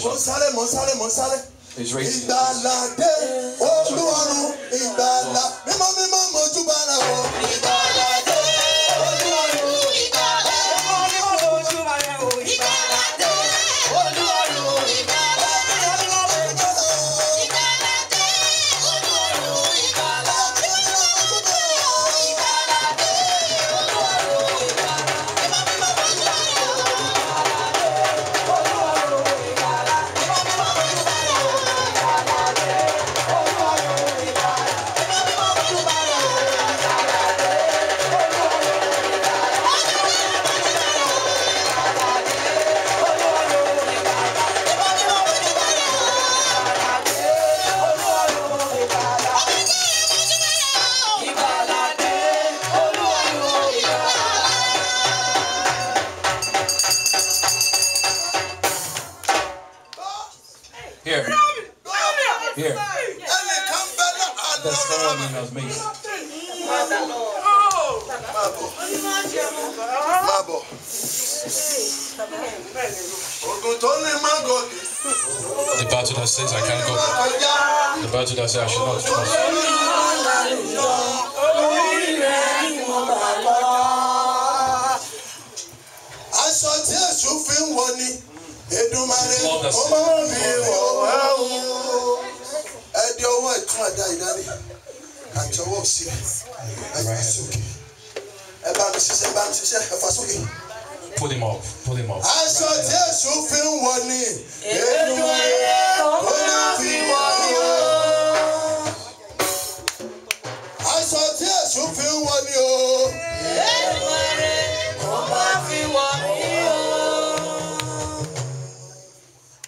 provision. Mo ń sáré, mo ń He's racing. here. The surrounding of me. The battle says I can't go. The battle says I should not trust. Aṣọ tí èṣù fi ń wọ ni, Èdùmàrè, ó máa sílẹ̀ ẹ fà sókè ẹ bá mi ṣiṣẹ́ ẹ bá mi ṣiṣẹ́ ẹ fà sókè. Pull him up, pull him up. Aṣọ Jésù fi ń wọ ni èlò ẹ̀ kó ló fi wọ ni o. Aṣọ Jésù fi ń wọ ni o. Èlò ẹ̀ kó bá fi wọ ni o.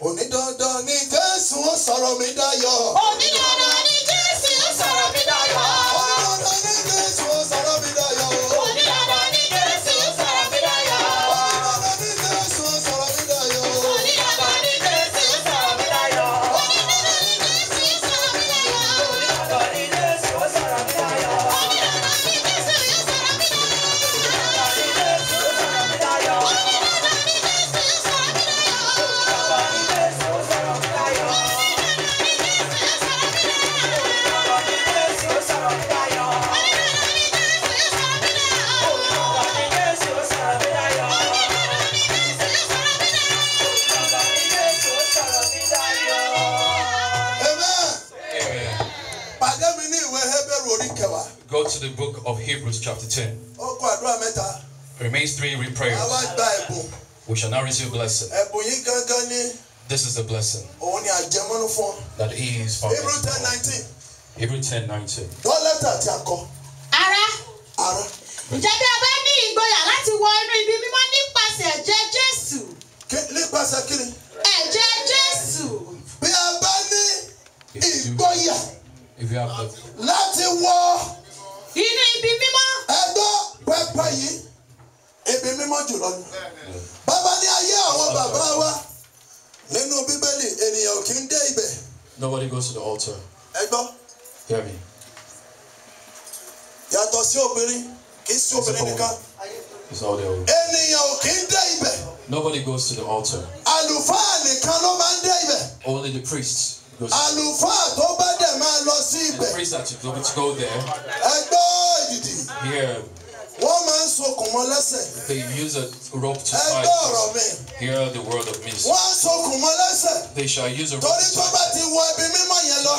Onídandan ni Jésù sọ̀rọ̀ mi dayọ̀. Onídandan. to the book of Hebrews, chapter 10. remains three with prayers. We shall now receive blessing. This is the blessing that he is found. Hebrews 10 19. Hebrews 10 19. Ara. Ara. Ǹjẹ́ bí a bá ní ìgboyà láti wọ inú ibi mímọ́ nípasẹ̀ ẹ̀jẹ̀ Jésù? Nípasẹ̀ kí ni? Ẹ̀jẹ̀ Jésù. Bí a if you have the. láti wọ Inú ibi mímọ́. Ẹ gbọ́ yìí, ibi mímọ́ jùlọ ni. Bàbá ní ayé àwọn bàbá wa nínú Bíbélì ènìyàn kì í dé ibẹ̀. Nobody goes to the altar. Ẹ Hear me. Yàtọ̀ sí obìnrin, kì í sí obìnrin nìkan. Ènìyàn kì í dé ibẹ̀. Nobody goes to the altar. Àlùfáà nìkan ló máa ń dé ibẹ̀. Only the priests. Àlùfáà tó bá dẹ̀ máa lọ sí ibẹ̀. The priests are to go there. Here. Wọ́n máa ń sokùn mọ́ They use a rope to fight. Ẹgbẹ́ ọ̀rọ̀ Hear the word of ministry. One á sokùn mọ́ They shall use a rope to tie.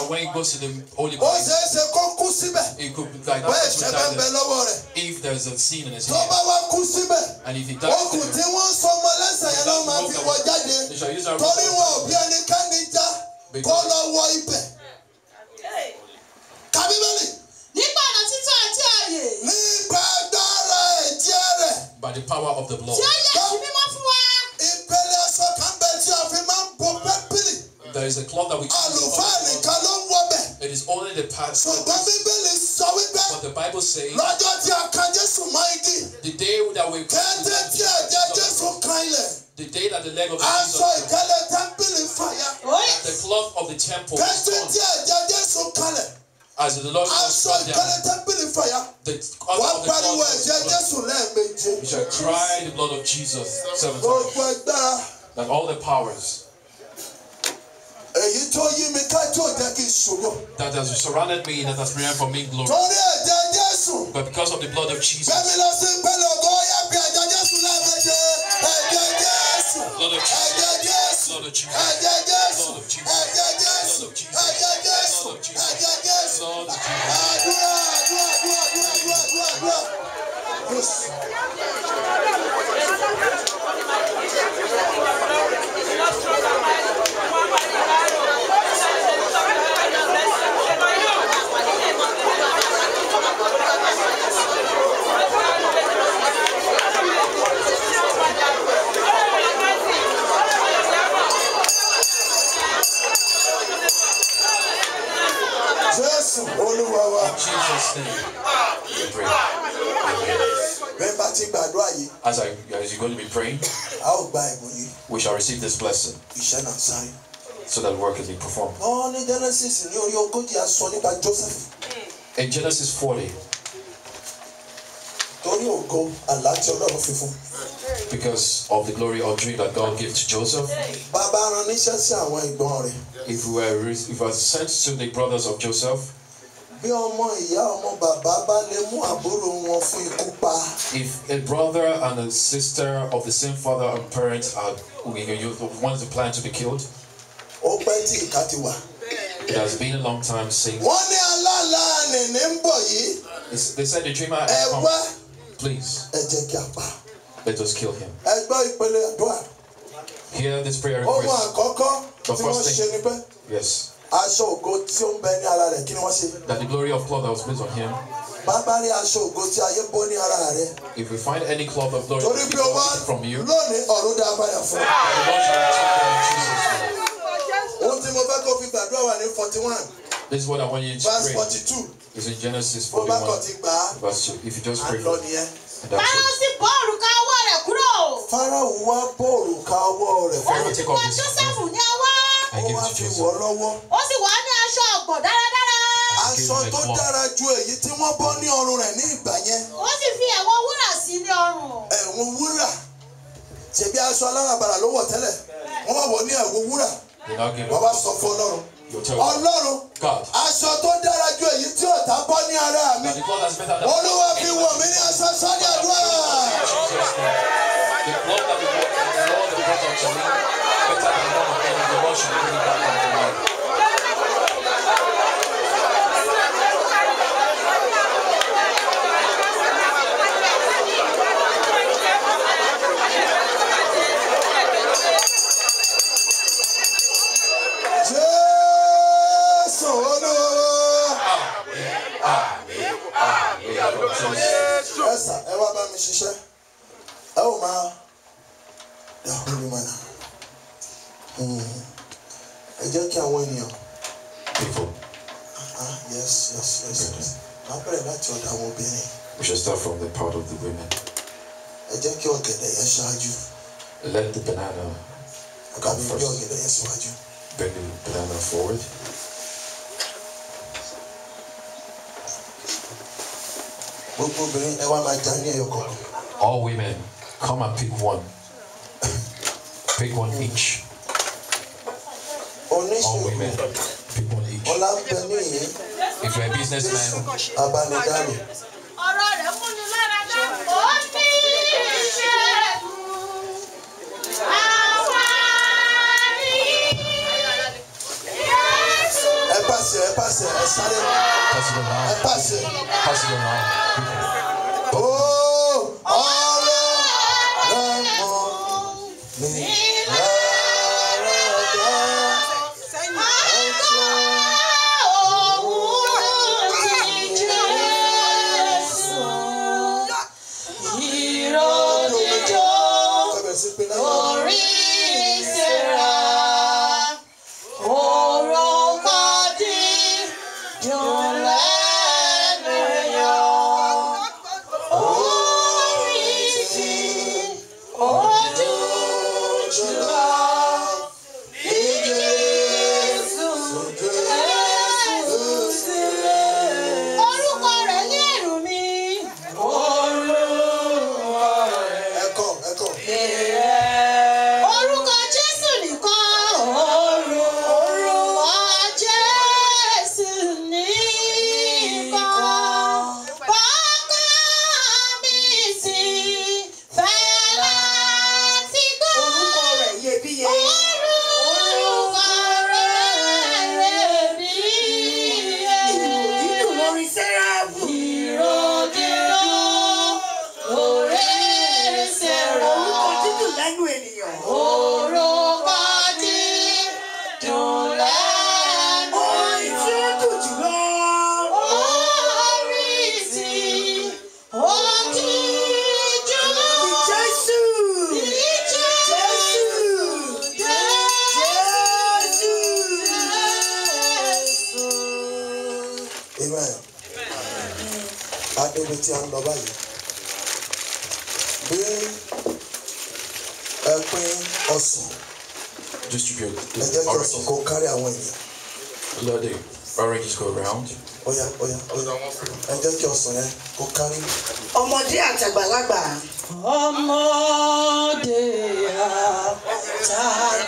when he goes to the holy place. Ó He could be like that. If there's a sin in his head. And if he dies. Okùn They shall use a rope to tie. Torí by the power of the blood. There is a cloth that we can It is only the part. But the Bible says. Lọ́jọ́ tí a kan Jésù mọ́ igi. The day that we. come tí ẹ̀jẹ̀ Jésù The day that the leg of Jesus. Aṣọ The cloth of the temple. Kété tí As the Lord aṣọ ìtẹ́lẹ́tẹ́ bìrì fàyà wọ́n pariwo ẹ̀jẹ̀ Jésù lẹ́ẹ̀mejì. You shall cry the blood of Jesus seven oh, times. Gbogbo That all the powers. Èyí tó yí mi That has surrounded me that has prepared for me glory. But because of the blood of Jesus. Bẹ́ẹ̀ni lọ sí Lord of Jesus. Lord of Jesus. Lord of Jesus. Lord of Jesus. Lord of Jesus. Adua, adua, adua, adua, adua, adua. Deus. As I as you're going to be praying, we shall receive this blessing. So that work can be performed. In Genesis 40. Because of the glory or dream that God gave to Joseph. If we were if we were sent to the brothers of Joseph. bí ọmọ ìyá ọmọ bàbá bá lè mú àbúrò wọn fún ikú pa. if a brother and a sister of the same father and parent are you ones who plan to be killed. ó pẹ́ tí ìka ti wà. It has been a long time since. wọ́n ní alála nìní ń bọ̀ yìí. they said the dreamer has come. ẹ please. ẹ jẹ́ kí a pa. let us kill him. ẹ gbọ́ ìpele àdúrà. hear this prayer request. ohun àkọ́kọ́ tí wọ́n ṣe ni pé. yes aṣọ ògo tí ó ń bẹ ní ara rẹ̀ kí ni wọ́n ṣe. that the glory of cloth that was placed on him. bàbá rí aṣọ ògo tí ayé bọ́ ní ara rẹ. if we find any cloth of glory torí pé o wá lónìí ọ̀run dá padà fún ọ. ohun tí mo fẹ́ kó fi gbàdúrà wà ní forty one. This is what I want you to pray. Verse 42. It's in Genesis 41. Verse 2. If you just pray. Pharaoh sì bọ́ òrùka ọwọ́ rẹ̀ kúrò. Pharaoh wá bọ́ òrùka ọwọ́ rẹ̀ kúrò. Ó ti pa Joseph ó wá fi wọ̀ lọ́wọ́. ó sì wá ní aṣọ ọ̀gbọ̀ dáradára. aṣọ tó dára ju èyí tí wọ́n bọ́ ní ọrùn rẹ̀ ní ìgbà yẹn. ó sì fi ẹ̀wọ̀n wúrà sí ní ọrùn. ẹ̀wọ̀n wúrà ṣebí aṣọ aláràbarà ló wọ̀ tẹ́lẹ̀ wọ́n wá wọ̀ ní ẹ̀wọ̀n wúrà wọ́n wá sọ fún ọlọ́run. Ọlọ́run aṣọ tó dára ju èyí tí ọ̀tá bọ́ ní ara mi olúwa fi wọ̀ mí ní aṣọ sọ́dọ̀ àdúrà. The blood that we brought from the Lord, the blood of the Lamb, better than one of them, the Lord should bring it back unto man. Ẹ wá bá mi ṣiṣẹ́. Hello, Oma, the holy man. I just can't win you. People. Uh, yes, yes, yes. yes. My prayer that your that won't be any. We should start from the part of the women. I just can't get the yes, you. Let the banana come first. Bring the banana forward. All women. Come and pick one. pick one each. All women. Pick one each. If you're a businessman, Pass it, pass it, pass it. Pass it Pass it ibi tí a ń lọ báyìí bí ẹ pín ẹ jẹ́ kí ọsàn kó kárí àwọn ènìyàn. let the oranges go round. oya oya ẹ jẹ́ kí ọsàn yẹn kó kárí. ọmọdé àtàgbàlagbà. ọmọdé àtàgbàlagbà.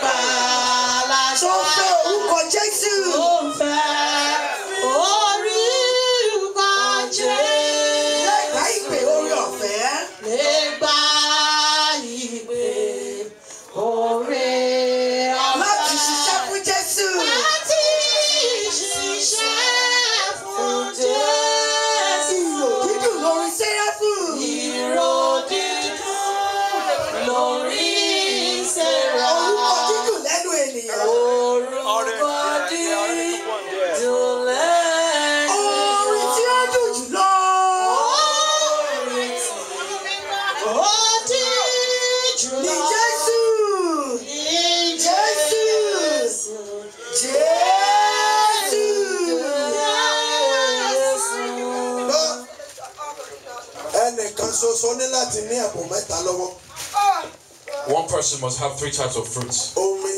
person must have three types of fruits. Omi.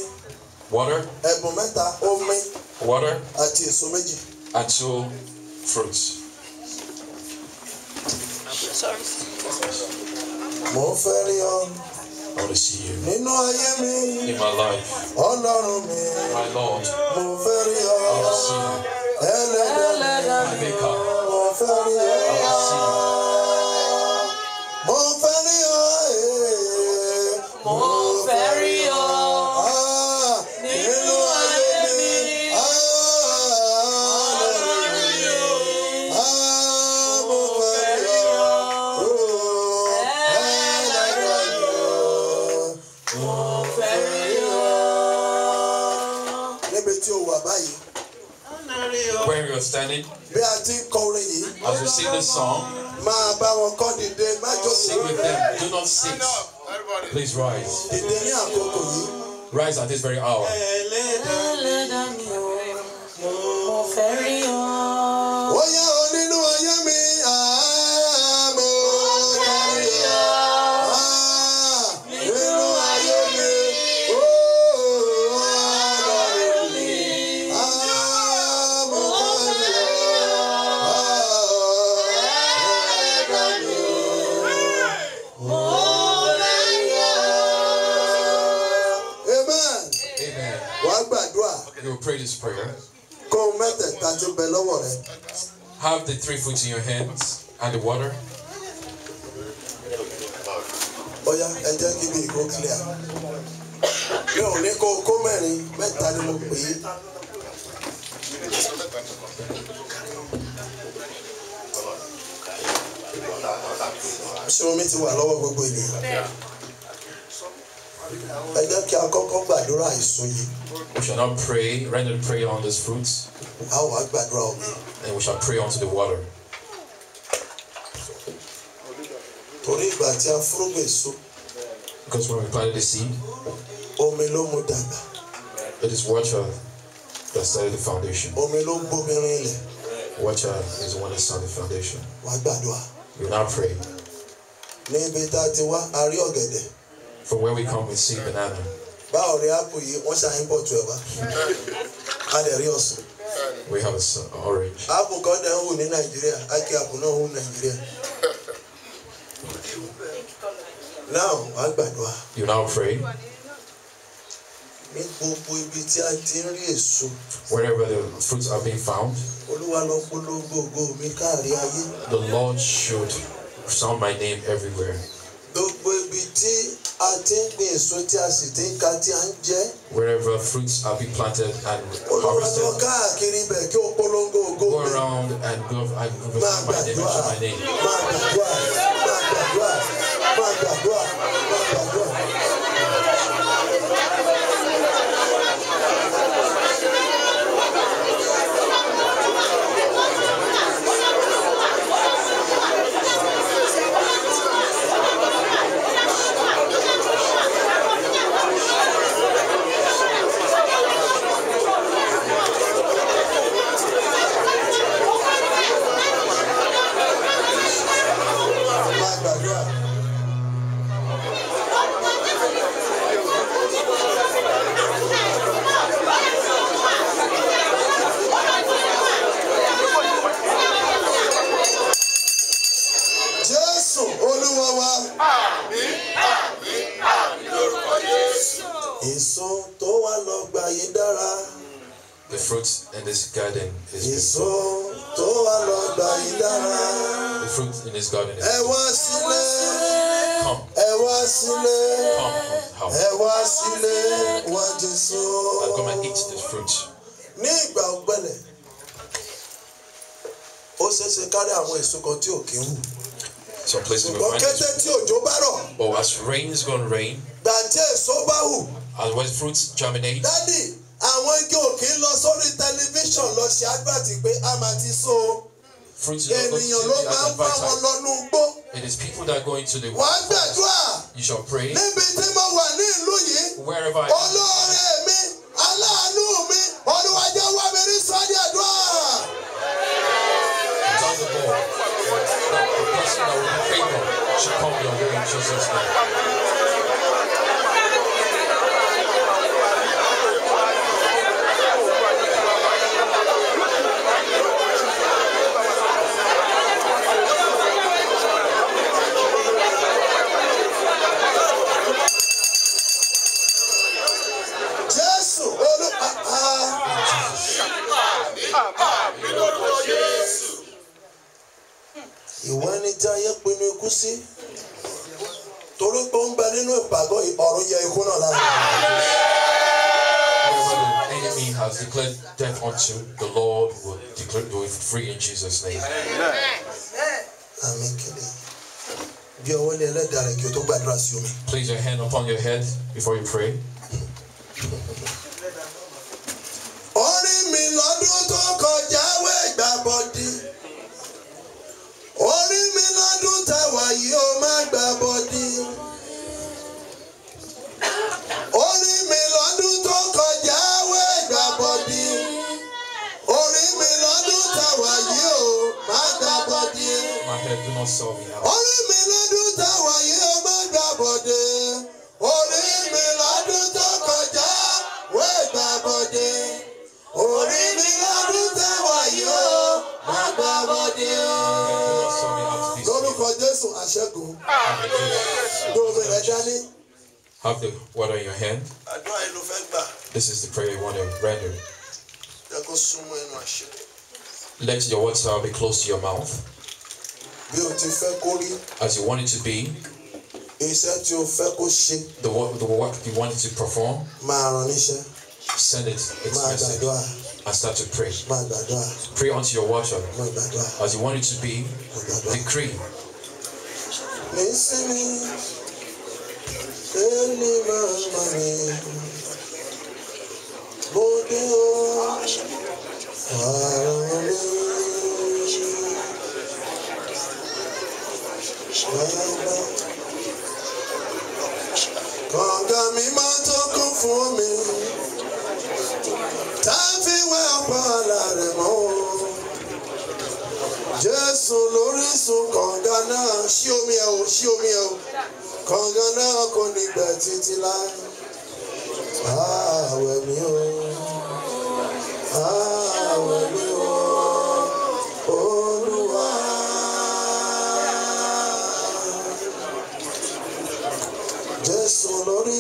Water. Ẹ̀bùn mẹ́ta. Omi. Water. Àti èso méjì. And two fruits. Mo fẹ́ rí ọ. I want to see you. In my life. Ọlọ́run mi. My Lord. Mo sing this song. Sing with them, do not sit. Please rise. Rise at this very hour. Have the three foods in your hands and the water. Oya, and jẹ́ give me ìkó clear. No, ò go, come kó mẹ́rin mẹ́ta ni mo Show me to omi ti wà lọ́wọ́ gbogbo ẹ jẹ́ kí a kọ́kọ́ gbàdúrà èso yìí. we shall not pray rather pray on this fruit. a wà gbàdúrà omi. Then we shall pray unto the water. torí ìgbà tí a fúrúgbìn èso. because when we plant the seed. omi ló mú dàgbà. it is water that started the foundation. omi ló ń gbómi rinlẹ̀. water is the one that started the foundation. wà gbàdúrà. you now pray. níbi tá a ti wá a rí ọ̀gẹ̀dẹ̀. From where we come, we see banana. We have an orange. Now, you now pray. Wherever the fruits are being found, the Lord should sound my name everywhere. a ti ń gbin èso tí a sì ti ń ka tí a ń jẹ. wherever fruits are be planted and harvested. olúwa káàkiri ibẹ̀ kí o polongo ògo mi. go around and go and go by the name of my name. máa gbàdúrà. in this garden is èso the fruit in this garden is. ẹ Come, come, come. come house. ẹ wá come and eat this fruit. ní ìgbà ọ̀gbẹlẹ̀ ó kárí àwọn èso kan tí ò kí ń wù. places we find this. ṣùgbọ́n kété tí òjò bá rọ̀. as rain is gone rain. gbàtí èso bá wù. and when fruits germinate. Daddy àwọn igi òkè lọ sórí tẹlifíṣàn lọ ṣe àgbàtì pé a máa ti so ènìyàn ló máa ń bá wọn lọ́nu gbó. It is people that go into the world. wàá gbàdúrà. You shall pray. níbi tí mo wà ní ìlú yìí. Wherever I am. olóore mi aláàánú mi olùwàjẹ́ wà mí rí sọ́dí àdúrà. Tell the Lord that the person that will be faithful should come your way in Jesus' name. unto the Lord will declare you free in Jesus' name. Amen. Amen. Please, your hand upon your head before you pray. orí mi Have the water in your hand. This is the prayer you want to render. Let your water be close to your mouth. as you want it to be. the work the work you wanted to perform. send it its máa message. máa start to pray. pray unto your watcher. as you want it to be. decree. mi kànga mi máa tó kún fún omi tá a fi wẹ ọ̀pá ara rẹ̀ mọ́ o Jésù lórísun kànga náà ṣí omi ẹ̀ o ṣí omi ẹ̀ o kànga náà kò ní gbẹ títí láì ààwẹ̀ mi o.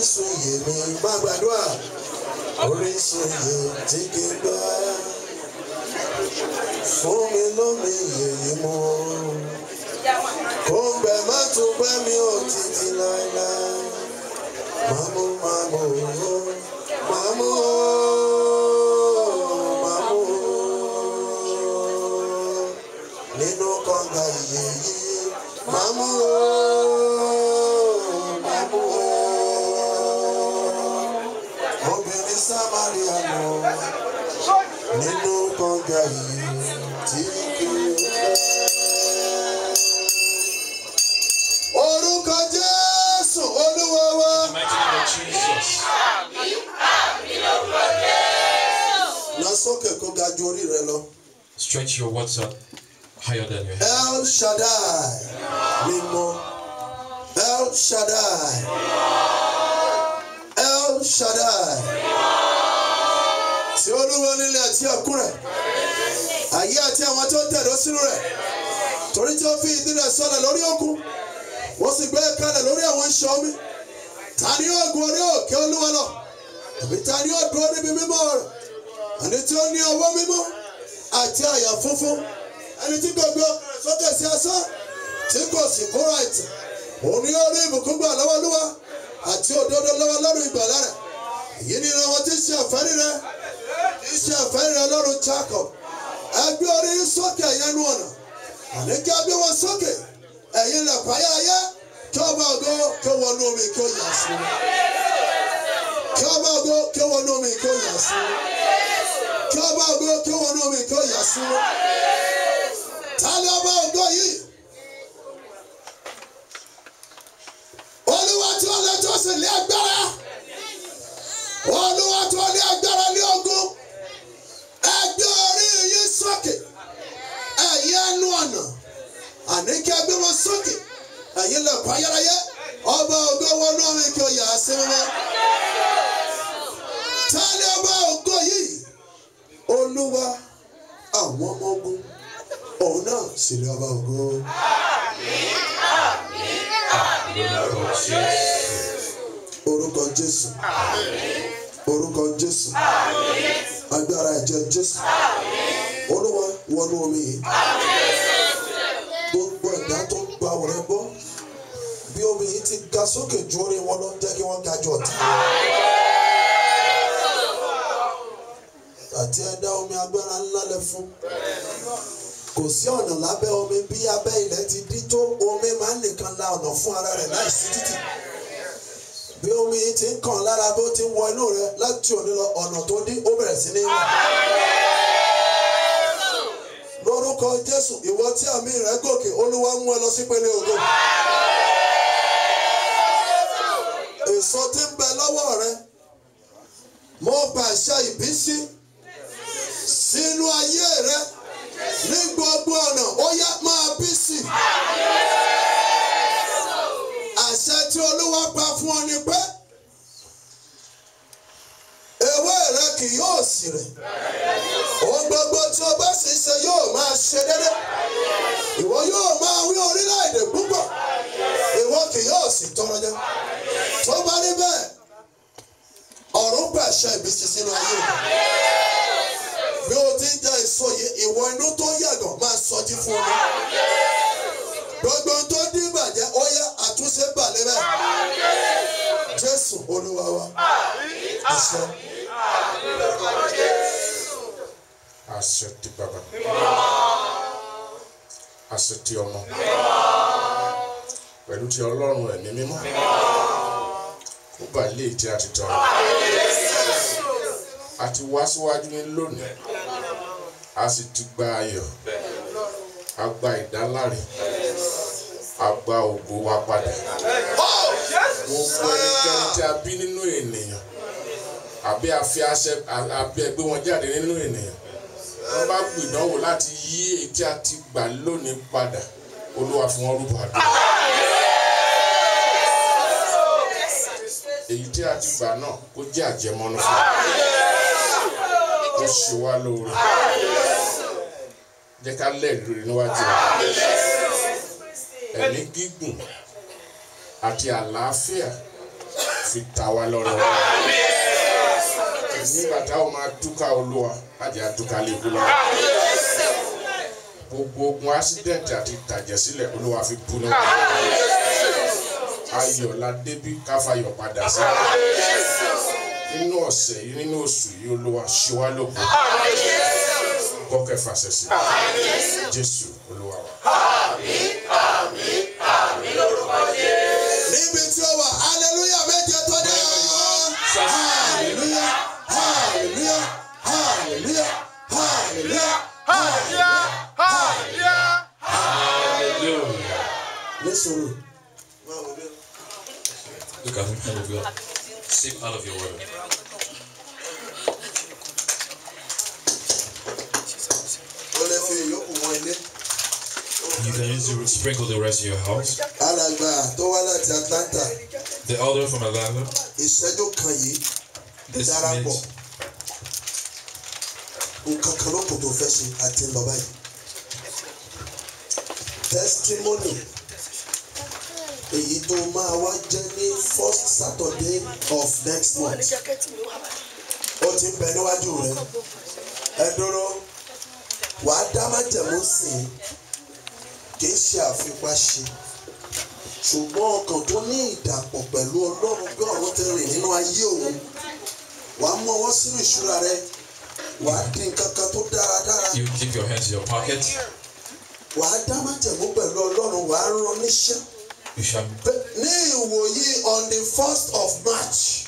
orísun yìí mi má gbàdúrà orísun yìí tí kì í gbà fún mi lómi yìí mú kó gbẹ má tún gbẹ mi ò títí láéláé màmú màmú màmú. sáré àmọ́ nínú kànga yìí tí kì í pẹ́. Orúkọ Jésù Olúwa wa. kó ga ju orí rẹ lọ. Stretch your words up higher than your head. El Shaddai mímọ́. El Shaddai. El Shaddai sí olúwa nílé àti ẹ̀kún rẹ̀ ayé àti àwọn tó tẹ̀dó sínú rẹ̀ torí tí ó fi ìdí rẹ̀ sọlẹ̀ lórí òkun ó sì gbé kalẹ̀ lórí àwọn iṣan omi ta ni yóò gun orí òkè olúwa lọ tàbí ta ni yóò dúró níbi mímọ́ rẹ̀ ẹni tí ó ní ọwọ́ mímọ́ àti àyà funfun ẹni tí gbogbo ọkùnrin sókè sí asán tí kò sì kóra ìtàn òun ni yóò rí ìbùkún gbà lọ́wọ́ lúwa àti òdodo lọ́wọ́ lọ́rùn ìgbàlà rẹ̀ ni ìran wọn ti ṣe àfẹ́rí rẹ̀ iṣẹ́ ìfẹ́ rẹ Ọlọ́run Jacob ẹgbẹ́ orí sókè yẹn nú ọ̀nà àníkẹ́ gbé wọn sókè ẹ̀yin lẹ̀kọ́ ayé ayé kí ọba ògo kí ó wọnú omi kí ó yà sí kí ọba ògo kí ó wọnú omi kí ó yà sí kí ọba ògo kí ó wọnú omi kí ó yà sí ta ni ọba ògo yìí. Olúwa tí ó lè jọ́sìn lé agbára Olúwa tí ó lé agbára sókè ẹ̀yin ẹnu ọ̀nà àní kí a gbé wọn sókè ẹ̀yin lẹ̀kọ́ ayárayé ọba ògo wọnú ọmọ ìkí ọyà àsẹ́wọ́n tálẹ́ ọba ògo yìí olúwa àwọn ọmọ ogun òun náà sì ni ọba ògo. orúkọ jésù orúkọ jésù agbára ẹ̀jẹ̀ jésù. Amen olúwa wọnú omi yìí gbogbo ẹ̀dá tó gba ọ̀rẹ́ gbọ́ bí omi yìí ti ga sókè ju orí wọn lọ jẹ́ kí wọ́n ga ju ọ̀tá. àti ẹ̀dá omi agbára ńlá lẹ fún kò sí ọ̀nà lábẹ́ omi bí abẹ́ ilẹ̀ ti dí tó omi máa ń nìkan la ọ̀nà fún ara rẹ̀ láì sí títì bí omi yìí ti ń kàn lára bó ti ń wọ inú rẹ láti òní lọ ọ̀nà tó dí ó bẹ̀rẹ̀ sí ní lórúkọ Jésù ìwọ tí àmì rẹ gòkè Olúwa mú ẹ lọ sí pele ògo. èso tí ń bẹ lọ́wọ́ rẹ mo pàṣẹ ìbísí. asɛte baba asɛte ɔmo pẹ̀lú ti ọlọ́run ẹ̀mí mímọ́ kó bá ti ìtẹ́ àtìtọ́ àti wá síwájú ní lónìí a sì ti gba ayọ̀ a gba ìdáláre a gba ògo wa padà gbogbo ẹnikẹ́ni tí a bí nínú ènìyàn àbí a fi àṣẹ àbí ẹgbẹ́ wọn jáde nínú ènìyàn ọlọ́run bá pè dánwò láti yí èyí tí a ti gbà lónìí padà olúwa fún wọn rúbọ àdúrà. èyí tí a ti gbà náà kó jẹ́ àjẹmọ́nú fún wa kó ṣe wá lóore jẹ́ ká lẹ́ẹ̀lú níwájú wa ẹ̀mí gígùn àti àlàáfíà fi ta wá lọ́rọ̀ wa nígbà táwọn máa túká olúwa àti àtúká lè gbogbo ogun accident àti ìtàjẹ̀sílẹ̀ olúwa fi kú náà. ayọ̀ káfayọ̀ padà sí. nínú ọ̀sẹ̀ yìí nínú oṣù yìí olúwa ṣíwá lóko. kọ́kẹ́ fàṣẹ sí. jésù olúwa wa. we Sip out of your water. You can use to sprinkle the rest of your house. The order from Atlanta. This means nǹkan testimony èyí tó máa wá jẹ́ ní first Saturday of next month ó ti ń bẹ níwájú rẹ ẹ dúró wàá dá májẹ̀mú sí i kì í ṣe àfipáṣe ṣùgbọ́n ọkàn tó ní ìdàpọ̀ pẹ̀lú ọlọ́run bí ọ̀run ti rìn nínú ayé òun wàá mú ọwọ́ sínú ìṣúra rẹ wàá dín nǹkan kan tó dáradára. you keep your hands in your pocket. wàá dá májẹ̀mú pẹ̀lú ọlọ́run wàá rán níṣẹ́. You shall be. Ní ìwòye on the first of March.